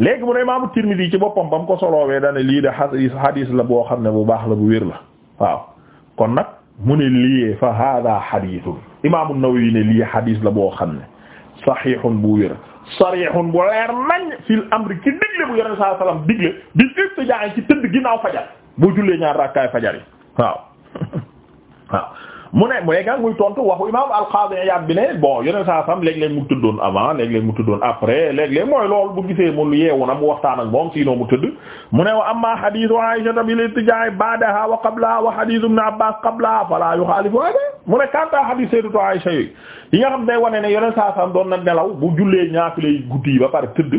léegi mu ne imaamu ci boppam ba ko ko soloowee ne lii de hadis hadis la boo xam ne bu baax la bu wér la waaw kon nag mu ne lii fa hada hadithun imaamu Nawawi ne lii hadis la boo xam ne sahihun bu wér sarihun bu leer nañ fil amri ci digle bu yonent sallallahu alayhi wasallam digle bi istijaa ginnaaw fajar boo jullee ñaar rakkaay fajar yi waaw mu ne mooy nga muy tontu waxu imaam al-Qaadi Iyaad bi ne bon yeneen saa sam léeg-léeg mu tuddoon avant léeg-léeg mu tuddoon après léeg mooy loolu bu gisee mu yeewu na mu waxtaan ak moom sinon mu tëdd mu ne wa amma hadiisu Aysata bil ittijaa'i ba'dahaa wa qablahaa wa hadiisu Ibn Abbaas qablahaa falaa yuxaalifu mu ne kanta hadiis Sayyidatu Aysa yi yi nga xam day wane ne yeneen saa sam doon na nelaw bu jullee ñaafilay guddi yi ba pare tëdd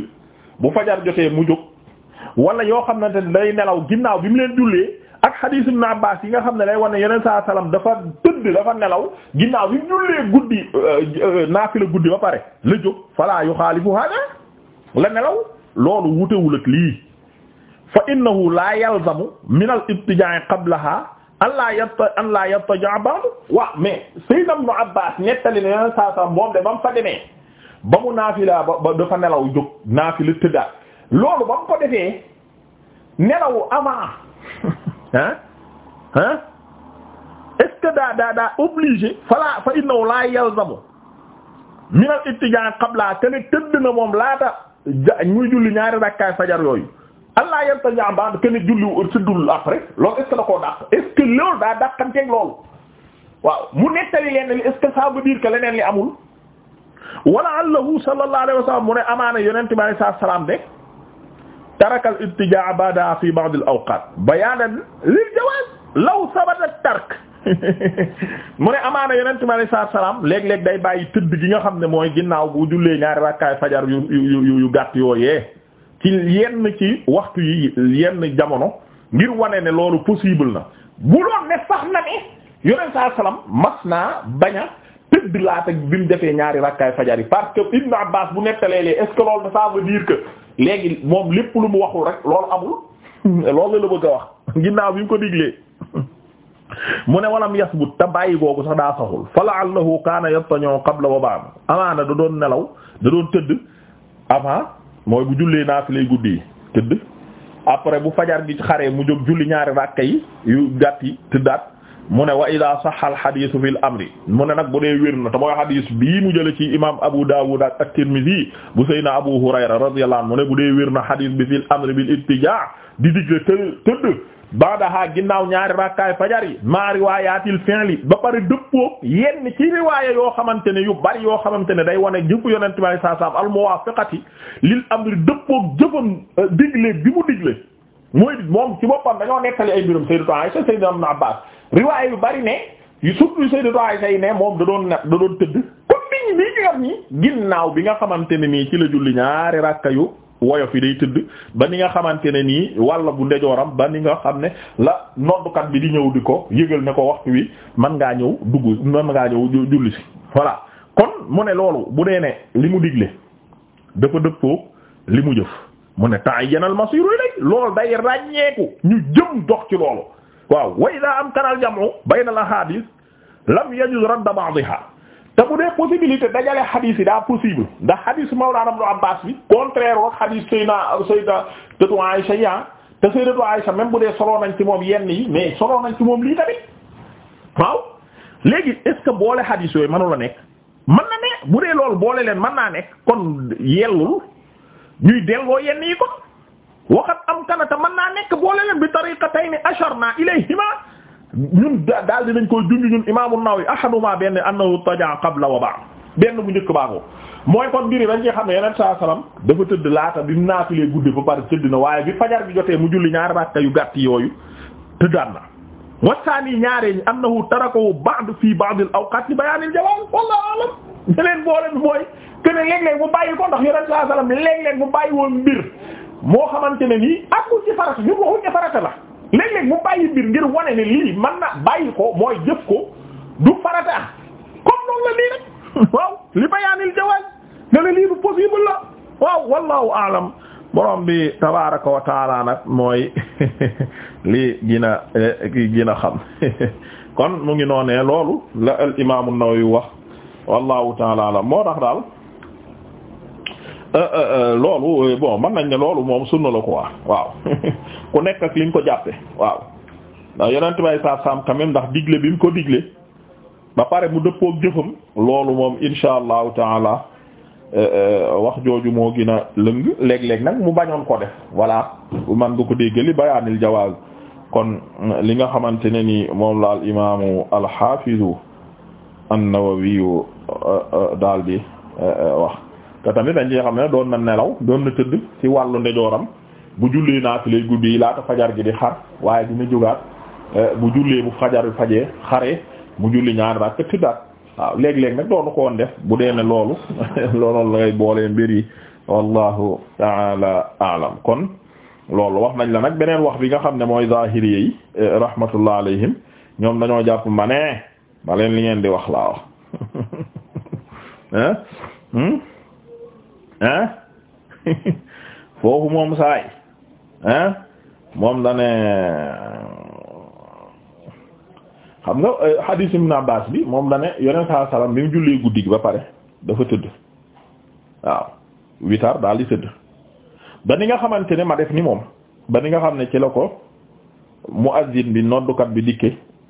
bu fajar jotee mu jóg wala yoo xam ne day nelaw ginnaaw bi mu leen jullee ak hadiisu Ibn Abbaas yi xam ne day wane yeneen saa salaam dafa tëdd dafa nelaw ginnaaw bi jullee guddi euh, euh, naafila guddi ba pare la jóg falaa yu xaalifu hada la nelaw loolu wutewul ak lii fa innahu laa yalzamu min al ibtijaa'i qablaha an laa yatta an laa yattaja ba'du waaw mais sayyidna ibn Abbaas nettali ne yoneen moom de ba mu fa demee ba dafa nelaw jóg naafila tëddaat loolu ba mu ko defee nelaw avant ah que daa daa daa obligé fala fa innahu la yalzamu min al ittijaa qabla te ne na moom laata muy julli ñaari rakkaay fajar yooyu allah yartaja ba'd que ne julli tëddul après loolu est ce que da koo dàq est ce que loolu daa dàqanteeg loolu waaw mu nettali leen li est ce que ça veut dire que leneen li amul wala allahu sallallahu alayhi wa sallam mu ne amaana yonent bi alayhi salaatu salaam de taraka al ittijaa ba'da fi ba'd al awqat bayanan lil jawaaz law sabata tark mu ne amaana yonent bi alayhi salaatu salaam léeg-léeg day bàyyi tëdd gi nga xam ne mooy ginnaaw bu jullee ñaari rakkaay fajar yu yu yu gàtt yooyee ci yenn ci waxtu yi yenn jamono ngir wane ne loolu possible na bu doon ne sax na ne yonent saa salaam mas naa bañ a tëdd laata bi mu defee ñaari rakkaay fajar yi parce que Ibn Abbas bu nettalee léegi est-ce que loolu ça veut dire que léegi moom lépp lu mu waxul rek loolu amul loolu la la bëgg a wax ginnaaw bi mu ko diglee. mu ne walam yasbut te bàyyi googu sax daa saxul fa la'allahu kaan yattañu qabla wa ba'd amaana da doon nelaw da doon tëdd avant mooy bu jullee naa fi lay guddi tëdd après bu fajar gi xaree mu jóg julli ñaari ràkka yi yu gàtt yi tëddaat mu ne wa ida sahha al hadithu amri mu ne nag bu dee wér na te mooy hadith mu jële ci imam Abu Dawud ak at bu Seydina Abu Hurayra radiyallahu anhu mu bu dee wér na hadith bi fil amri bil ittija di digle tëdd baadaha ginnaaw ñaari rakkaay fajar yi maa riwaayaatil fi'li ba pare dëppoo yenn ci riwaaya yoo xamante ne yu bari yoo xamante ne day wane jëfu yonent bi saa saaf al muwaafiqati am amri dëppook jëfam euh, digle bi mu digle mooy moom ci boppam dañoo nettali ay mbirum Sayyidatu Aisha Sayyidina Ibn Abbas riwaaya yu bari ne surtout Sayyidatu Aisha yi ne moom da doon da doon tëdd comme nit nii ñu yor nii ginnaaw bi nga xamante ne nii ci la julli ñaari rakka yu. woyo yi day tëdd ba ni nga xamante ne nii walla bu ndejooram ba ni nga xam ne la noddukat bi di ñëw di ko yëgal ne ko waxtu wi man ngaa ñëw dugg man ngaa ñëw julli si voilà kon mu ne loolu bu dee ne li mu digle dafa dëppoo li mu jëf mu ne ta'ayyana al-masiru ilayhi loolu day ràññeeku ñu jëm dox ci loolu waaw way idha am al-jam'u bayna al-ahadith lam yajuz radd ba'daha te bu dee possibilité dajale xadiis yi daa possible ndax xadiis Mawlaana Ibnu Abbaas bi contraire wax xadiis Seyna Sayyidatu Aysa ya ah, te Sayyidatu Aysa même bu dee soloo nañ ci moom yenn yi mais soloo nañ ci moom lii tamit waaw léegi est boole xadiis yooyu mënu nekk mën na ne bu dee loolu boole leen man naa nekk kon yellul ñuy delloo yenn yi ko waxat am te mën naa nekk boole leen bi tariqatayni asharna ilayhima ñun daal dinañ koy junj ñun imaamu Nawawi ahaduma benn annahu tajaa la wa ba'd benn bu njëkk baaxoo mooy kon mbir yi dañ ci xam ne yeneen saa salaam dafa tëdd laata bi mu naafilee guddi ba pare tëdd na waaye bi fajar bi jotee mu julli ñaari rakka yu gàtt yooyu tëddaan na. wasaani ñaaree annahu tarakahu ba'd fii ba'd al-awqaat li bayaanil jawaaz wallaahu a'lam ñeneen boole bi mooy que ne léeg-léeg mu bàyyi ko ndax yeneen saa salaam léeg-léeg mu bàyyi woon mbir moo xamante ne nii àggul ci farata la. léeg-léeg mu bàyyi mbir ngir wane ne lii man na bàyyi ko mooy jëf ko du farata comme noonu la lii rek waaw li bayaanil jawaaz ne lii du possible la waaw wallahu aalam borom bi tabaaraka wa nag mooy lii gina eh, gina xam kon mu ngi noonee loolu la al imaamu Nawawi wallahu taala alam moo tax daal eh, eh, loolu bon mën nañ ne loolu moom sunna la quoi waaw ku nekk ak liñ ko jàppe waaw ndax yonent bay saa saam quand ndax digle bi mu ko digle ba pare mu dëppook jëfam loolu moom insha allahu taala euh, euh, wax jooju moo gën a lëng léeg-léeg nag mu bañoon ko def wala man nga ko déggali bayaanil jawaaz kon euh, li nga xamante ne ni moom la al imaamu alxaafizu an-Nawawi daal di wax te tamit dañ ci xam ne doon na nelaw doon na tëdd ci wàllu ndejooram bu jullee naafile guddi yi laata fajar gi di xar waaye dina jógaat eh, bu jullee bu fajar bi fajee xaree mu julli ñaari raak te tëddaat waaw léeg-léeg nag doonu ko woon def bu dee ne loolu loolu la ngay boolee mbir yi wallahu taala alam kon loolu wax nañ la nag beneen wax bi nga xam ne mooy zahiri yi eh, rahmatullah alayhim ñoom dañoo jàpp ma ne ma li ngeen di wax laa wax hein eh? hmm? foofu moom saay ah moom da ne xam nga euh, hadith Ibn Abbas bi moom da ne yonent saa salaam bi mu jullee guddi gi ba pare dafa tëdd waaw witar daal di tëdd ba ni nga xamante ne ma def ni moom ba ni nga xam ne ci la ko muazzin bi noddukat bi dikke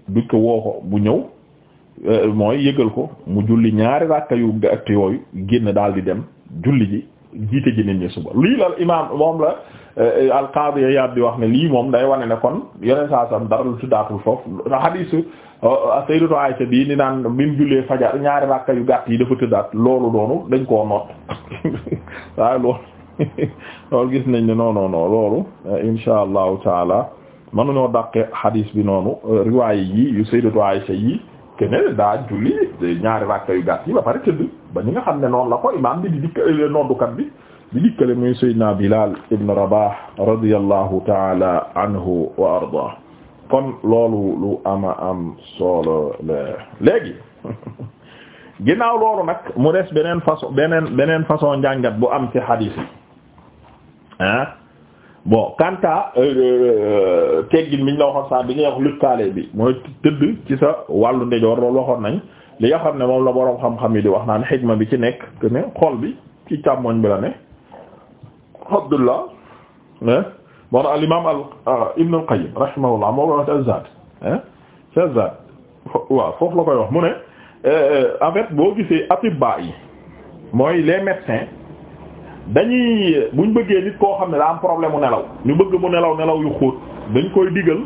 dikke woo bu ñëw euh, mooy yëgal ko mu julli ñaari ràkka yu gàtt yooyu génn daal di dem julli ji jiite ji nit ñi suba lii la imaam moom la euh, al qaadi Iyaad bi wax ne lii moom day wane ne kon yeneen saa sam dara lu tuddaatul foofu hadiisu euh, euh, Sayyidatu Aysa bii ni naan bi mu jullee fajar ñaari rakka yu gàtt yi dafa tëddaat loolu doonu dañ koo noot waaye loolu loolu gis nañ ne non non non loolu insha allahu taala mënuñoo dàqe hadis bi noonu riwaay yi yu Sayyidatu Aysa yi. keneen daa julli ñaari rakka yu gàtt yi ba pare tëdd ba ñi nga xam ne noon la ko imaam bi di dikkale noddukat bi di dikkale muy Seydina Bilal ibn Rabah radiyallahu ta'ala anhu wa arda kon loolu lu ama am solo la léegi ginnaaw loolu nag mu des beneen façon beneen beneen façon njàngat bu am ci hadith yi bon kanta euh, euh, teggin miñ la waxoon saa bi ngay wax lëkkaale bi mooy tëdd ci sa wàllu ndejoor loolu waxoon nañ li nga xam ne moom la boroom xam-xam yi di wax naan xikma bi ci nekk que ne xol bi ci càmmoñ bi la ne Abdullah moo na al imam al euh, Ibn moo koy wax Azzaad ci Azzaad foofu la koy wax mu ne en fait boo gisee atibba yi mooy les médecins dañuy buñ bëggee nit koo xam ne daa am problème mu nelaw ñu bëgg mu nelaw nelaw yu xóot dañ koy digal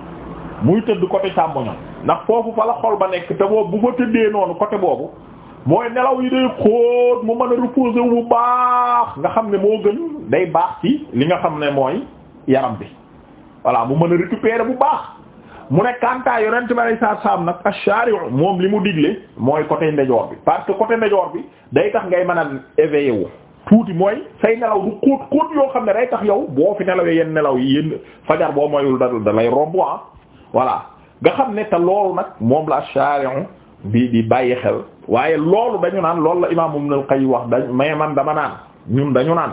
muy tëdd côté càmmoñam ndax foofu fa la xol ba nekk te boobu bu fa tëddee noonu côté boobu mooy nelaw yi day xóot mu mën a reposer bu baax nga xam ne moo gën day baax ci li nga xam ne mooy yaram bi voilà mu mën a récupérer bu baax mu ne kantaa yonent bi alay saat saam nag ash-shari'u moom li mu digle mooy côté ndejoor bi parce que côté ndejoor bi day tax ngay mën a éveiller wu tuuti mooy say nelaw du xóot yoo xam ne day tax yow boo fi nelawee yenn nelaw yi yenn fajar boo moyul da da lay romb ah voilà nga xam ne te loolu nag moom la shari'u di di bàyyi xel waaye loolu dañu naan loolu la imaam Ibn al-Qayyim wax dañ mais man dama naan ñun dañu naan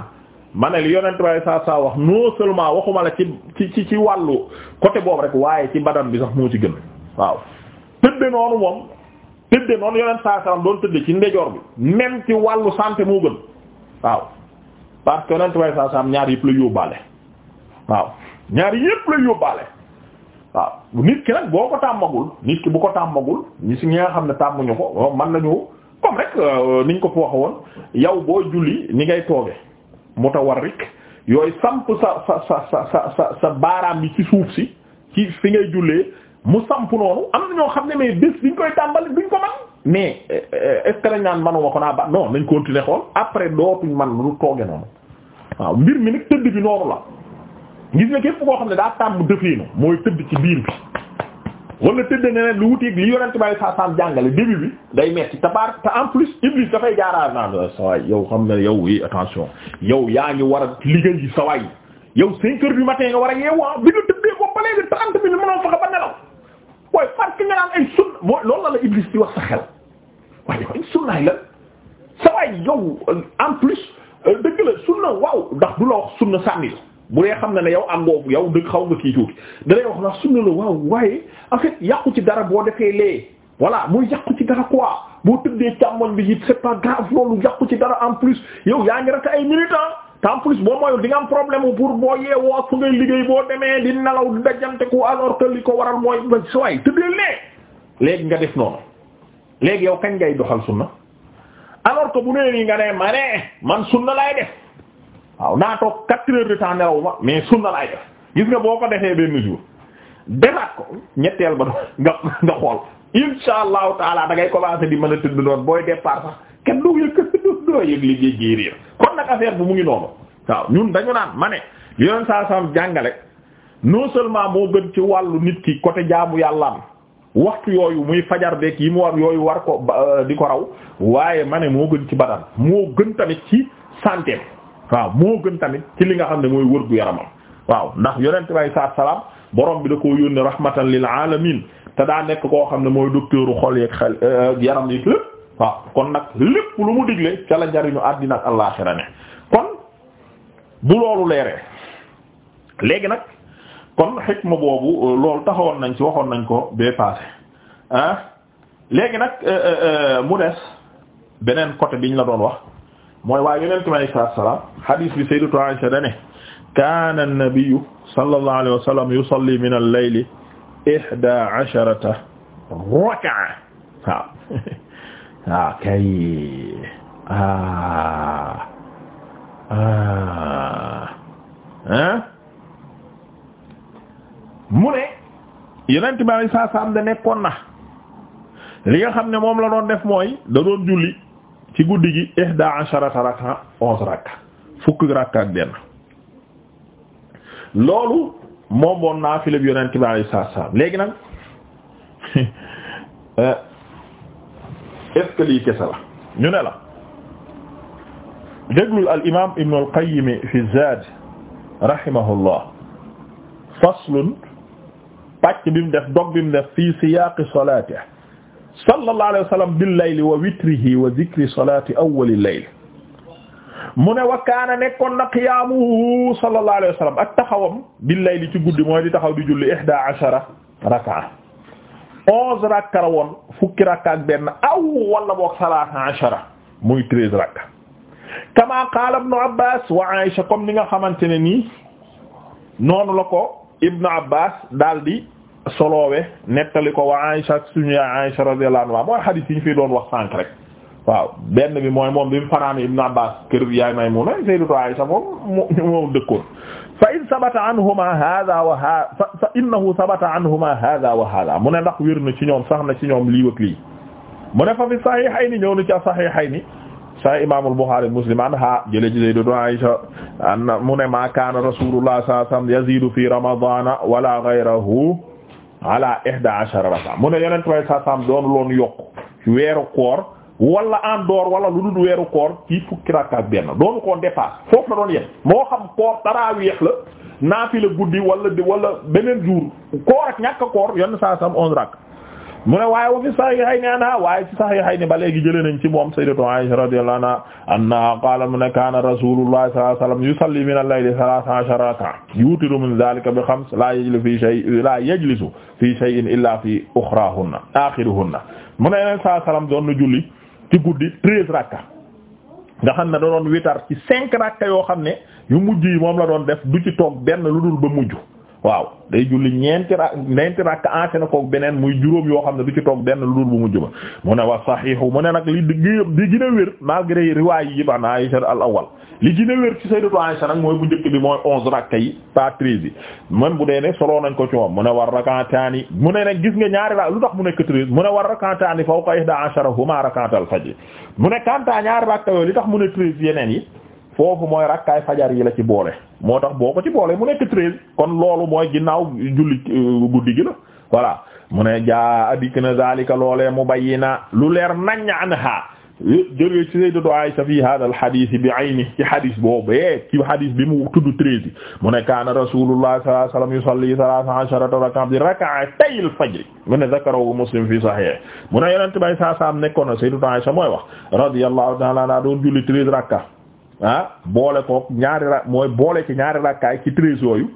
ma ne li yonent bay saa saa wax non seulement waxuma la ci ci ci wàllu côté boobu rek waaye ci badan bi sax moo ci gën waaw tëdde noonu moom tëdde noonu yonent saa saa doon tëdde ci ndejoor bi même ci wàllu santé moo gën waaw parce que yonent bay saa saam ñaar yëpp la yóbbaale waaw ñaar yëpp la yóbbaale waaw nit ki nag boo ko tàmmagul nit ki bu ko tàmmagul ñi si ñi nga xam ne tàmmuñu ko man nañu comme rek euh, niñ ko fi woon yow boo julli ni ngay tooge mutawarrik yooyu samp sa sa sa sa sa sa baaraam bi ci suuf si ci fi ngay jullee mu samp noonu am na ñoo xam ne mais bés biñ koy tàmbali duñ ko man mais euh, est ce que lañ naan manuma ko naa ba non nañ continuer xool après dootuñ man lu tooge noonu waaw mbir mi nag tëdd bi noonu la gis nga képp koo xam ne daa tàmm dëfiinu mooy tëdd ci biir bi wala tëdd neneen lu wuteeg li yonent bàyyi saa saam day metti tabaar te en plus iblis euh, yow xam ne yow i attention yow yaa ngi war a liggéey yi sawaay yow cinq heures du matin nga war a yeewaa ah, bi nga tëddee ko ba léegi trente minutes mënoo fexe ba nelaw waaye parce que nga naan ay sun mooy loolu la iblis di wax waaye waaye sunnaay la sa waay yow en plus dëgg la sunna waaw ndax du la wax sunna sànni la bu dee xam na ne yow am ngoo yow dëgg xaw nga kii tuuti da lay wax ndax sunna la waaw waaye en fait yàqu ci dara boo defee lee voilà muy yàqu ci dara quoi boo tëddee càmmoñ bi it c'est pas grave loolu yàqu ci dara en plus yow yaa ngi rek ay militants te en plus boo mooyul di nga am problème pour boo yeewoo ak fu ngay liggéey boo demee di nelaw di dajanteku alors que li ko waral mooy ba sa waay tëddee lee léegi nga def noonu léegi yow kañ ngay doxal sunna alors que bu nee nii nga ne ma man sunna laay def waaw naa toog quatre heures de temps nelaw mais sunna laay def gis nga boo ko defee benn jour defaat ko ñetteel ba nga nga xool insha allahu taala da ngay commencer di mën a tëdd noonu booy départ sax kenn doo yëg doo yëg liggéey géeréer kon nag affaire bu mu ngi noonu waaw ñun dañu naan ma ne li saa sam jàngale non seulement moo gën ci wàllu nit ki côté jaamu yàllaam waxtu yooyu muy fajar beeg yi mu war yooyu war ko euh, di ko raw waaye ma ne moo gën ci badan moo gën tamit ci santé waaw moo gën tamit ci li nga xam ne mooy wër gu yaramam waaw ndax yonent bay saa salaam borom bi da koo yónnee rahmatan lil alamin te daa nekk koo xam ne mooy docteuru xol yeeg xel euh, yaram yeeg lépp waaw kon nag lépp lu mu digle ca la njariñu àddina ak àllaaxira ne kon bu loolu leeree léegi nag. kon xikma boobu euh, loolu taxawoon nañ ci waxoon nañ ko bee passé ah léegi nag euh, euh, mu des beneen côté biñ la doon wax mooy waaye yonent mi alayhi salaam i bi sayyidatu Aisha dane kaana an-nabiyyu sallallahu alayhi wa sallam yusalli min al-layli ihda asharata rak'a waaw waaw kay ah yonent bi alayhi salaam da nekkoon na li nga xam ne moom la doon def mooy da doon julli ci guddi gi ihda asharata raka onze raka fukki raka ak benn loolu moom woon naafila bi yonent bi alayhi salaam léegi nag euh, est lii kese la ñu ne la déglul al imaam Ibn al Qayyim fi Zaad rahimahullah faslun pàcc bi mu def dog bi mu def fii siyaaqi salaatihi sallallahu alayhi wa sallam bil layli wa witrihi wa zikri salaati awwalil layli mu ne wa kaana nekkoon na qiyaamuhu sallallahu alayhi wa sallam ak taxawam bil layli ci guddi mooy di taxaw di julli ihda ashara raka'a onze rakka la woon fukki rakka ak benn aw wala boog salaata ashara muy treize rakka kama qaala ibnu Abbaas wa Aisha comme ni nga xamante ne nii noonu la ko ibnu abbas daal di soloowe nettali ko wa Aisha suñu yaay Aisha radiyallahu anha mooy xadiis yi ñu fi doon wax sànq rek waaw benn bi mooy moom bi mu fanaani ibnu abbas kër yaay Maymuna sayyidatu Aisha moom moom dëkkoon fa in sabata anhuma hada wa ha fa innahu sabata anhuma hada wa hada mu ne ndax wir na ci ñoom sax na ci ñoom lii wëg lii mu ne fa fi saxiixayni ñëw na ci saxiixayni sa imaamul Buxaari Muslim anhaa jële ci Zayd ibn Aisha anna mu ne kaana rasuulullaah sallallaahu alayhi wa sallam yaziidu wala ghayrihi ala ihdaa ashara rak'a mu ne yeneen tubaab saa saam doonu loon yokk weeru koor wala en dehors wala lu dul koor ci fukki rakka ak benn doonu ko dépasse foofu doon yem moo xam koor taraawiix la naafila guddi wala beneen jour koor ak ñàkk koor yenn saa saam onze rakka mu ne waaye wa fi sahihayni anha waaye ba léegi jëlee nañ ci moom sayyidatu Aisha a anha anna qaala mu ne kaana rasulullah sallallahu alayhi wasallam yusalli min al-layli thalatha ashara rak'a yutiru min dhalika bi khams la yajlisu fi shay'in la yajlisu fi shay'in illa fi ukhrahunna akhiruhunna mu ne yeneen saa salaam doon na julli ci guddi treize rakka nga xam ne da doon witar ci cinq rakka yoo xam ne yu mujj yi moom la doon def du ci toog benn lu dul ba mujj waaw day julli ñeenti ra ñeenti rakk ante na koog beneen muy juróom yoo xam ne du ci toog benn lu dul bu mujj ba mu ne wa saxiixu mu ne nag li di gën a wér malgré riwaay yi ba na Aysa al awal li gën a wér ci sayyidatu Aysa nag mooy bu njëkk bi mooy onze rakk yi pas treize yi bu dee ne solo nañ ko ci moom mu ne war rakataani mu ne nag gis nga ñaari rakk lu tax mu nekk treize mu ne war rakataani fawqa ihda ashara huma rakatal fajr mu ne kanta li tax mu yeneen yi foofu mooy rakkaay fajar yi la ci boole moo tax boo ko ci boole mu nekk treize kon loolu mooy ginnaaw julli euh, guddi gi la voilà mu ne jaa adik na zalika loolee mu bayyina lu leer naññ anha jëlee ci sayyidatu Aisha fi hada al hadith bi ayni ci hadith boobu ci hadith bi mu tudd treize mu ne kaana rasulullah sallallahu alayhi wasallam yusalli thalatha asharata rak'atan bi rak'atay al fajr mu ne zakarahu muslim fi sahih mu ne yonent bay saa saam nekkoon na sayyidatu Aisha mooy wax radiyallahu ta'ala anha ah boole kook ñaari ra mooy boole ci ñaari rakkaay ci treize yooyu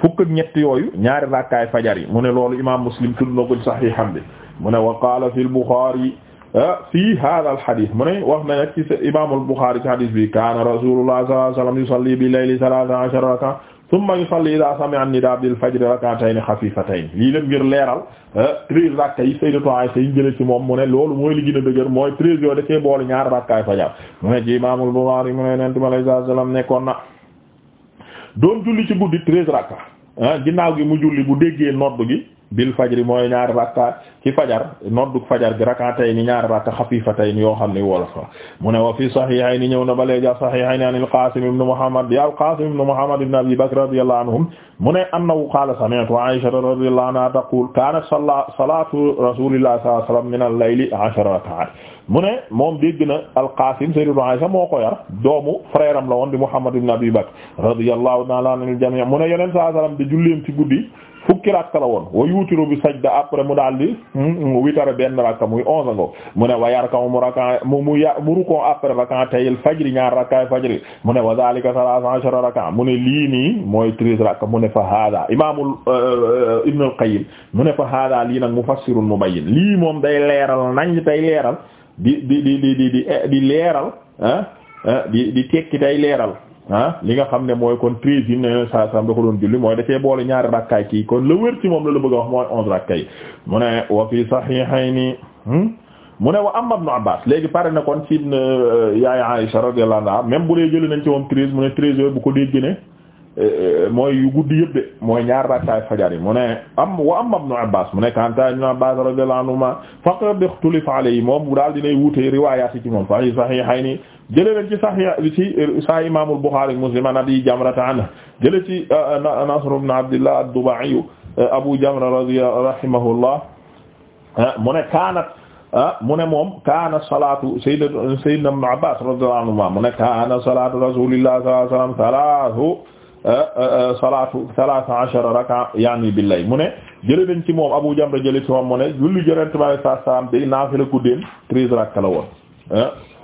fukk ñett yooyu ñaari rakkaay fajar yi mu ne loolu imaam Muslim tudd na ko saxiixam bi mu ne wa qaala ah, fi al-Buxaari fii hada al-hadiis mu ne wax na nag ci imaam al-Buxaari ci bi kaana rasuulullaah sallallaahu alayhi wa sallam yusalli bi layli salaasa ashara rak'a summa yusalli idaa sami'a nidaa bil fajri rak'atayni xafiifatayni lii lépp ngir leeral eh, treize rakka yi Sayyidatu Aysa yi jële ci moom mu ne loolu mooy li a dëgër mooy treize yooyu da cee boole rakkaay fajar mu ne ci Imaamul Buxaari mu ne Yonent bi sallallahu alayhi wasallam nekkoon na doon julli ci guddi treize rakka ah ginnaaw gi mu julli bu déggee nodd gi bil fajri mooy ñaari rakka ci fajar noddu fajar gi rakatay ni ñaari rakka xafiifatay ni yoo xam ne wolof la mu ne wa fi sahihayn ñëw na balee ja sahihayn an al-Qasim ibn Muhammad ya al-Qasim ibn Muhammad ibn Abi Bakr radiyallahu anhum mu ne annahu qala sami'tu Aisha radiyallahu anha taqul kanat salatu rasulillahi sallallahu alayhi wasallam min al-layli 'ashara rak'at mu ne moom dégg na al-Qasim sayyidou Aisha moo ko yar doomu frère am la woon di Muhammad ibn Abi Bakr radiyallahu ta'ala anil jami' mu ne yonent sallallahu alayhi wasallam di julleem ci guddi fukki rakka la woon wa yuutiru bi sajda après mu daal di hmm, mu witara benn rakka mu ne wa yarkamu mu rakka mu mu mu rukoo après rakka tayil fajri ñaar rakkaay fajri mu ne wa zalika salasa ashara rakka mu ne lii nii mooy treize rakka mu ne fa hada imaamul euh, euh, Ibn al mu ne fa hada lii nag mufassirun mubayyin lii moom day leeral nañ tay leeral di di di di di di leeral ah di tekki tay leeral ah li nga xam ne mooy kon treize yi ne saa saa da ko doon julli mooy da boole ñaari rakkaay kii kon la wér ci moom la la bëgg a wax mooy onze rakkaay mu ne wa fi sahihayni hmm? mu ne wa amma ibn Abbas léegi pare na kon ci euh, yaay Aisha radiyallahu anha même bu dee jëlee nañ ci moom treize mu ne treize yooyu bu ko dégg ne mooy yu guddi yëpp de mooy ñaar rakkaay fajar yi mu ne am wa am ibnu Abbaas mu ne kanta ibnu Abbaas radiyallahu anhuma faqad ixtulifa alayhi moom daal dinay wuute riwaayaat yi ci moom fay sahihayni jële nañ ci sahih ci sahih imaamul Buxaari Muslim an Abi Jamrata anhu jële ci uh, uh, Nasr ibnu Abdillah ad-Duba'i uh, Abu Jamra radiyallahu rahimahullah mu ne kaanat mu ne moom kaana salatu sayyidina ibnu Abbaas radiyallahu anhuma mu ne kaana salatu rasuulillah sallallahu alayhi wa sallam Euh, euh, euh, salaatu salaasa ashara raka yaani billay mu ne jële nañ ci moom Abu Jamra jële ci moom mu ne julli jërëjëf Aleyhi salaam day naafila guddeen treize rakka la woon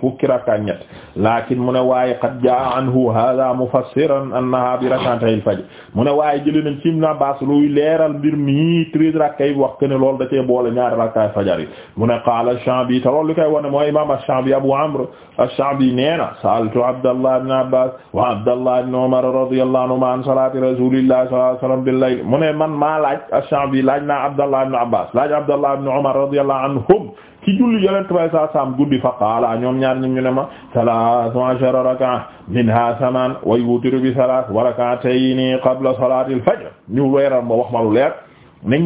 fukki rakka ñett lakin mu ne waaye qad jaa anhu hada mufassiran annaha bi rak'atay al-fajr mu ne waaye jëli nañ ci Ibn Abbas luy leeral mbir mi treize rakka yi wax que ne loolu da cee boole ñaari rakka fajar yi mu ne qaala ash-Sha'bi te loolu li koy wone mooy imam ash-Sha'bi Abu Amr ash-Sha'bi nee na sa'altu Abdallah ibn Abbas wa Abdallah ibn Umar radiyallahu anhuma an salati rasulillahi sallallahu alayhi wa sallam bil layl mu ne man maa laaj ash-Sha'bi laaj naa Abdallah ibn Abbas laaj Abdallah ibn Umar radiyallahu anhum ci julli yonent bay saa saam guddi fa qaala ñoom ñaar ñi ñu ne ma salaasu ashara raka'a minha samaan wa yutiru bi salaas wa rak'atayni qabla salaatil fajr ñu weeral ma wax ma lu leer nañ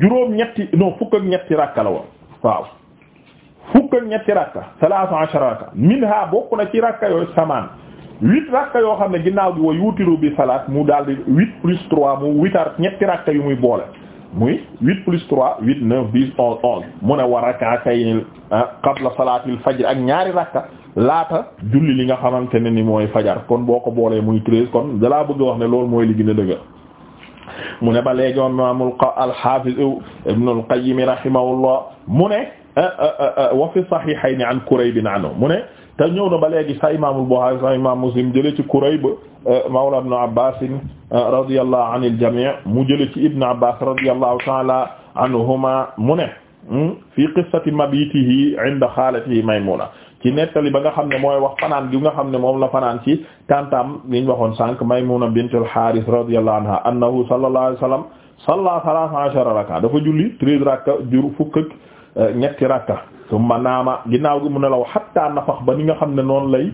juróom ñetti non fukk ak ñetti rakka la woon waaw fukk ak ñetti rakka salaasu ashara raka'a minha bokk na ci rakka yooyu samaan huit rakka yoo xam ne ginnaaw gi wa yutiru bi salaas mu daldi huit plus trois mu witar ñetti rakka yu muy boole muy huit plus trois huit neuf dix onze onze mu ne war rak'atayn ah, qabla salaatil fajr ak ñaari rakka laata julli li nga xamante ne ni mooy fajar kon boo ko boolee muy treize kon dalaa bëgg wax ne loolu mooy li gën a dëgër mu ne ba léegi imaamul al-Haafiz Ibnul Qayyim rahimahullah mu ne ah, ah, wa fi sahihayn an bi naano mu ne te ñëw na ba léegi sa imaamul Buxaari sa imaam Muslim jële ci Kurayb eh, mawla ibn Abbaas eh, radiyallahu anil jamii' mu jële ci ibn Abbaas radiyallahu ta'ala anhuma mu ne hmm, fii qissati mabitihi inda xaalatihi Maymuna ci nettali ba nga xam ne mooy wax fanaan gi nga xam ne moom la fanaan ci tantam liñ waxoon sànq Maymuna bintul Haaris radiyallahu anha annahu sallallahu alayhi wa sallam salla salaasa ashara raka dafa julli treize rakka jur fukk ak eh, ñetti rakka summa naama ginnaaw gi mu nelaw hatta nafax ba ni nga xam ne noonu lay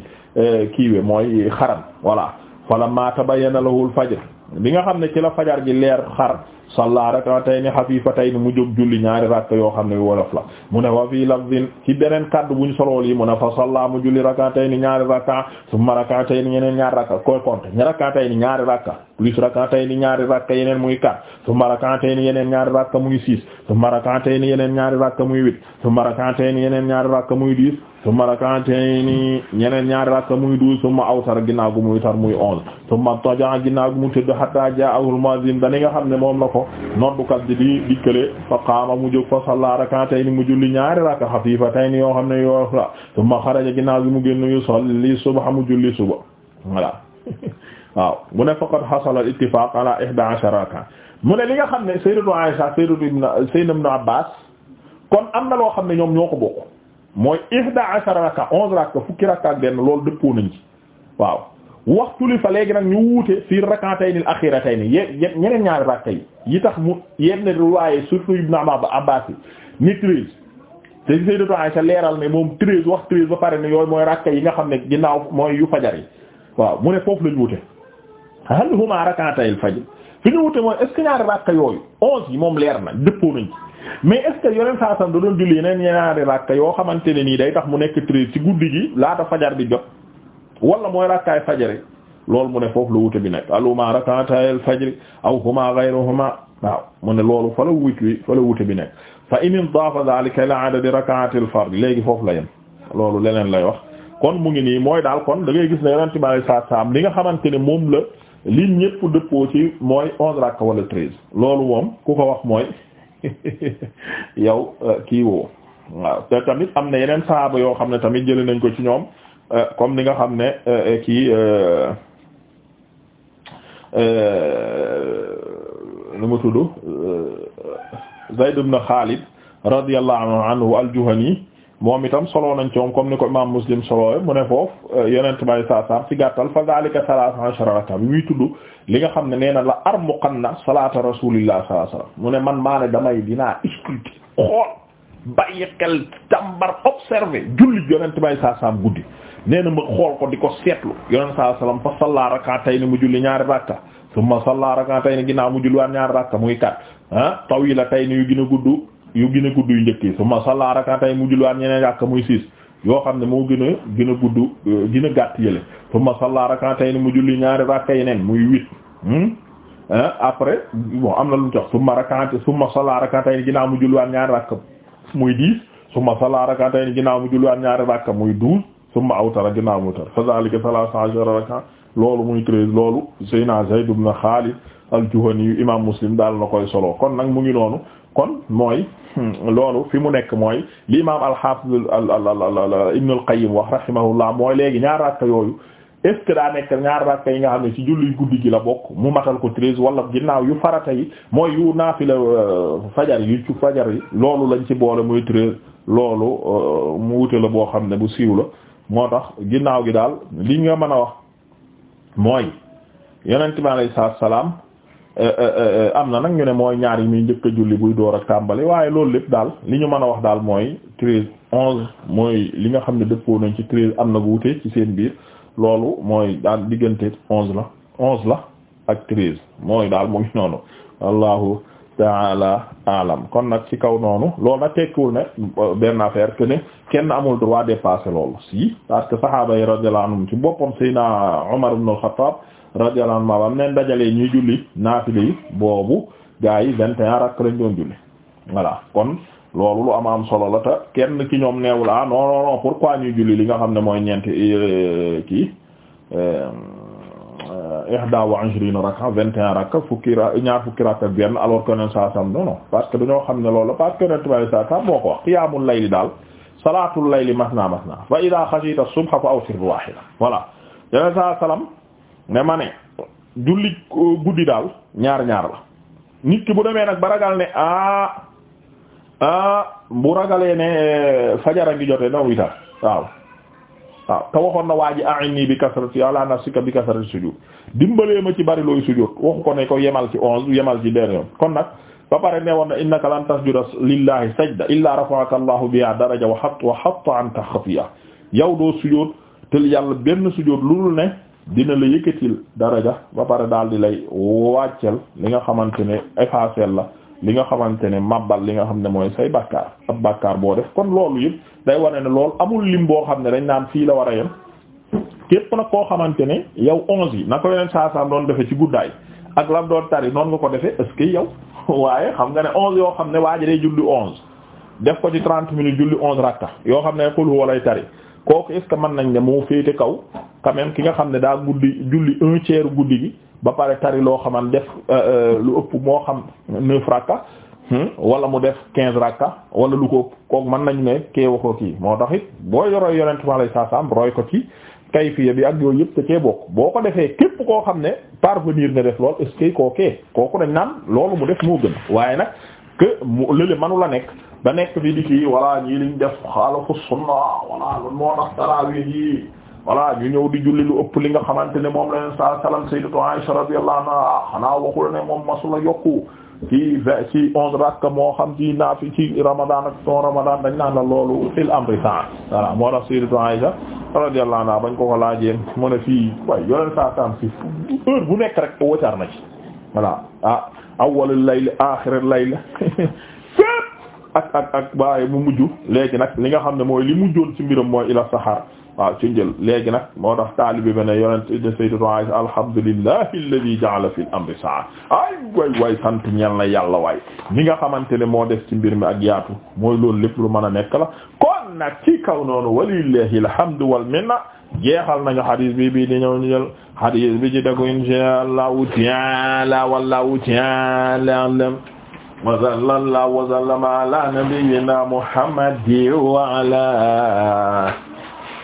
eh, kiiwe mooy xaram voilà fala ma tabayyana lahu lawul fajr li nga xam ne ci la fajar gi leer xar salla rak'atayni xafiifatayni mu jóg julli ñaari rakk yoo xam ne wolof la mu ne wa fii lafzin ci beneen kaddu buñ solool yi mu ne fa salla mu julli rak'atayni ñaari rakka summa rak'atayni yeneen ñaari rakka koy compter ña rak'atayni ñaari rakka plus rak'atayni ñaari rakka yeneen muy quatre summa rak'atayni yeneen ñaari rakka muy six summa rak'atayni yeneen ñaari rakka muy huit summa rak'atayni yeneen ñaari rakka muy dix summa rak'atayni yeneen ñaari rakka muy douze summa awtar ginnaaw gu muy tar muy onze summa taja ginnaaw gu mu tëdd hatta jaa ahul muazzin dani nga xam ne moom la ko noddukat bi di dikkale fa qaama mu jóg fa salla rak'atayn mu julli ñaari rakka xafiifatayn yoo xam ne yoo la summa xaraja ginnaaw gi mu génn yusalli subha mu julli suba voilà waaw mu ne faqad hasala al-ittifaq ala ihda ashara rak'a mu ne li nga xam ne sayyidatu Aisha sayyidatu ibn Abbas kon am na loo xam ne ñoom ñoo ko bokk mooy ihda ashara rak'a onze rakka fukki rakka ak benn loolu dëppoo nañ ci waaw waxtu li fa léegi nag ñu wuute fii rak'atayn al-akhiratayn ye ñeneen ñaari rakka yi yi tax mu yenn riwaaye surtout Ibn Abbas yi ni treize te Sayyidatu Aisha leeral ne moom treize wax treize ba pare ne yooyu mooy rakka yi nga xam ne ginnaaw mooy yu fajar yi waaw mu ne foofu lañu wute hal huma rak'atay al-fajr fi ñu wute mooy est-ce que ñaari rakka yooyu onze yi moom leer na dëppoo nañ mais est-ce que yeneen saa sam da doon julli yeneen ñaari yoo xamante ne nii day tax mu nekk ci guddi gi laata fajar di jot wala mooy rakkaay fajri loolu mu ne foofu la wute bi nekk aluma rakatayel fajri aw huma ghayruhuma waaw mu ne loolu fa la wute bi fa la wute bi nekk fa in idafa dhalika ila adadi rakaatil léegi foofu la yem loolu leneen lay wax kon mu ngi nii mooy daal kon da ngay gis ne yonent bi alayhi salaatu li nga xamante ne moom la li ñëpp dëppoo ci mooy onze rakka wala treize loolu moom ku ko wax mooy yow euh, kii waaw te tamit am na yeneen saaba yoo xam ne tamit jëlee nañ ko ci ñoom Euh, comme li nga xam ne euh, euh, kii nu mu tudd Zayd ibn Khalid radiyallahu anhu al-Juhani moom itam solo nañ ci moom comme ni ko imam Muslim solo mu ne foofu yonent bay saa ci gàttal fa zalika salaatu ashara rak'a bi muy tudd li nga xam ne nee na la armuqanna salaata rasulillah sallallahu alayhi wasallam mu ne man maa damay dinaa expliquer xool bàyyi xel jàmbar observer julli yonent bay saa guddi nee na ma xool ko di ko seetlu yonent saa sallam fa salla rak'atayn mu julli ñaari rakka summa salla rak'atayn ginnaaw mu julli waat ñaari rakka muy kat ah tawilatayn yu gën a gudd yu gën gudd yu njëkk yi summa salla rak'atayn mu julli waat ñeneen rakka muy siis yoo xam ne moo gën gën a gudd gën a gàtt yële summa salla rak'atayn mu julli ñaari rakka yeneen muy huit hmm? après bon am na lu mu tax summa rak'atayn summa salla rak'atayn ginnaaw mu julli waat ñaari rakka muy dix summa salla rak'atayn ginnaaw mu julli waat ñaari rakka muy douze summa awtara ginnaaw mu tar fa zalika salaasa ashara raka loolu muy treize loolu sayna Zayd ibn Khalid al-Juhani imam Muslim daal na koy solo kon nag mu ngi noonu kon mooy hmm, loolu fi mu nekk mooy li imam al-Hafiz Ibn al-Qayyim wax rahimahullah mooy léegi ñaar rakka yooyu est-ce que daa nekk ñaar rakka yi nga xam ne ci julli guddi gi la bokk mu matal ko treize wala ginnaaw yu farata yi mooy yu naafila euh, fajar yi ci fajar yi loolu lañ ci boole muy treize loolu euh, mu wute la boo xam ne bu siiw la moo tax ginnaaw gi daal li nga mën a wax mooy yeneen bi alayhi salaatu salaam eh, eh, eh, am na nag ñu ne mooy ñaar yi muy njëkk a julli buy door ak tàmbali waaye loolu lépp daal li ñu mën a wax daal mooy treize onze mooy li nga xam ne dëppoo nañ ci treize am na wuute ci seen biir loolu mooy daal diggante onze la onze la ak treize mooy daal mu ngi noonu wallahu taala kon nag ci kaw noonu loolu nag tekkiwul ne euh, benn affaire que ne kenn amul droit dépasser loolu si parce que sahaaba yi radiyallahu anhum ci boppam Seydina Umar ibn al-Khattab radiyallahu anhu ma bam neen dajalee ñuy julli naafile boobu gaa yi vingt rakk lañ doon julli voilà kon loolu lu am am solo la kenn ki ñoom neewul ah non pourquoi ñuy julli li nga xam ne mooy ñeenti euh, kii euh, ihda wa ishrina raka vingt et un fukki ra ñaar fukki raka ak benn sam non parce que dañoo xam ne loolu parce que nen tibali saa sam moo ko wax qiyaamul layli daal salaatul layli masna masna fa idaa xashiita subha fa awtir bi waahida voilà yeneen saa salaam ne ma ne julli euh, guddi daal ñaar ñaar la nit ki bu demee nag ba ragal ne ah ah bu ragalee ne euh, fajara ngi jote na witar waaw waaw te waxoon na waa ji a'inni bi kasrati ala nafsika bi kasrati sujud dimbalee ma ci bari looy sujud waxu ko ne ko yemal ci onze yemal ci benn yoon kon nag ba pare ne woon na innaka lan tasjuda lillahi sajda illa rafa'aka allahu biha daraja wa hatta wa hatta anka xatiya yow doo sujud te yàlla benn sujud loolu ne dina la yëkkatil daraja ba pare daal di lay wàccel li nga xamante ne effacer la li nga xamante ne mabbal li nga xam ne mooy say bàkkaar ab bàkkaar boo def kon loolu yëpp day wane ne loolu amul lim boo xam ne dañ naan fii la war a yem képp nag koo xamante ne yow onze yi na ko yeneen saa saa doon defe ci guddaay ak lam doon tari noonu nga ko defee est-ce yow waaye xam nga ne onze yoo xam ne waa ji day julli onze def ko ci trente minutes julli onze rakka yoo xam ne xul walay tari kooku est-ce mën nañ ne moo féete kaw quand ki nga xam ne daa guddi julli un tiers guddi gi ba pare tari loo xaman def euh, euh, lu ëpp moo xam neuf rakka hmm, wala mu def quinze rakka wala lu ko kook mën nañu ne keewa ko kii moo tax boo booy roy yonent mi alayhi salaam roy ko ci kayfiya bi ak yooyu yëpp da boo ko defee képp koo xam ne parvenir nga def lool koo kee kooku dañ naan loolu mu def moo gën waaye nag que mu lële manu la nekk ba nekk fi di kii wala ñii liñ def xaalafu sunna wala lu moo tax tarawih yi voilà ñu ñëw di julli lu ëpp li nga xamante ne moom la leen saa salaam sayyidatu Aisha radiyallahu anha xanaa waxul ne moom masula yokku ci vingt ci onze rakka moo xam ci naafi ci Ramadan ak son Ramadan dañ naan la loolu fil amri saa voilà moo tax sayyidatu Aisha radiyallahu anha bañ ko ko laajee mu ne fii waaye yore saa salaam si heure bu nekk rek wóotar na ci voilà ah awwalul layl aaxirul layl ak ak ak bàyyi bu mujj léegi nag li nga xam ne mooy li mujjoon ci mbiram waaw ci njël léegi nag moo tax taalibi bi ne yonent de sayyidatu Aisha alhamdulillahi alladhi ja'ala fil amri sa'a ay way way sant ñeel na yàlla waay mi nga xamante ne moo def ci mbir mi ak yaatu mooy loolu lépp lu mën a nekk la kon nag ci kaw noonu walillahi alhamdu wal minna jeexal nañu xadis bi bii di ñëw ñu jël xadis bi ci dëgg insha Allahu ta'ala wallahu ta'ala a'lam wa sallallahu wa sallama ala nabiyyina Muhammadin wa ala